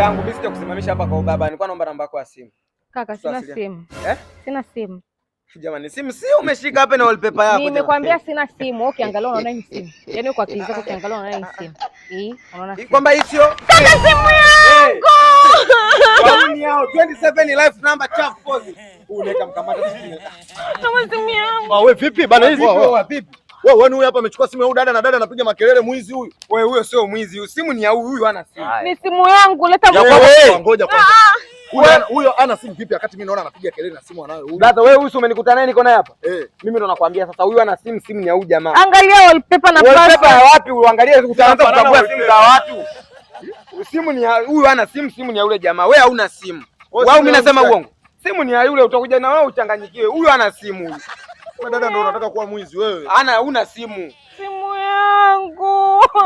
Yangu mimi sija kusimamisha hapa kwa baba. Nilikuwa naomba namba yako ya simu. Kaka sina simu. Eh? Sina simu. Jamani, simu si umeshika hapa na wallpaper yako. Nimekwambia sina simu. Okay, angalau unaona hii simu. Yaani kwa kiza kwa angalau unaona hii simu. Hii unaona simu. Kwamba hii sio. Kaka simu yangu. Yaani yao 27 life number chafu. Unaweka mkamata simu. Kama simu yangu. Wewe vipi bana hizi? Wewe Vipi? Wewe wewe huyu hapa amechukua simu ya huyu dada na dada anapiga makelele mwizi huyu. Wewe huyo sio mwizi, huyu simu ni ya huyu, ana simu. Ni simu yangu, leta wewe. Ngoja ah, kwanza. Ah. Huyo huyo ana simu vipi wakati mimi naona anapiga kelele na simu anayo huyu. Dada wewe huyu umenikuta naye niko naye hapa. Eh. Mimi ndo nakwambia sasa huyu ana simu, simu ni ya huyu jamaa. Angalia wallpaper na pasta. Wallpaper wapi? Uangalie utaanza kutambua simu za watu. Simu ni huyu ana simu, simu ni ya yule jamaa. Wewe hauna simu. Wao mimi nasema uongo. Simu ni ya yule, utakuja na wewe uchanganyikiwe. Huyu ana simu huyu. Dada, ndo unataka kuwa mwizi wewe? Ana, una simu? Simu yangu